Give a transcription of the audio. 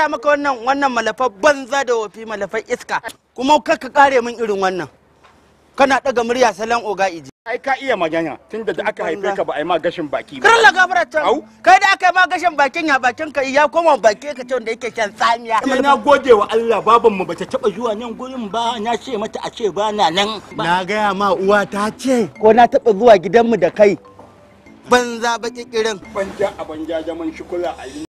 kara maka wannan wannan malafa banza da wafi malafar iska kuma kar kare min irin wannan kana daga murya salon oga iji ai ka iya magana tunda da aka haife ka ba ai ma gashin baki ba gabara can kai da aka ma gashin bakin ya bakin ka ya koma baki ka ce wanda yake shan tsamiya na gode wa Allah baban mu bata taba zuwa nan gurin ba na ce mata a ce ba na nan na gaya ma uwa ta ce ko na taba zuwa gidan mu da kai banza baki kirin banja a banja jaman shukula a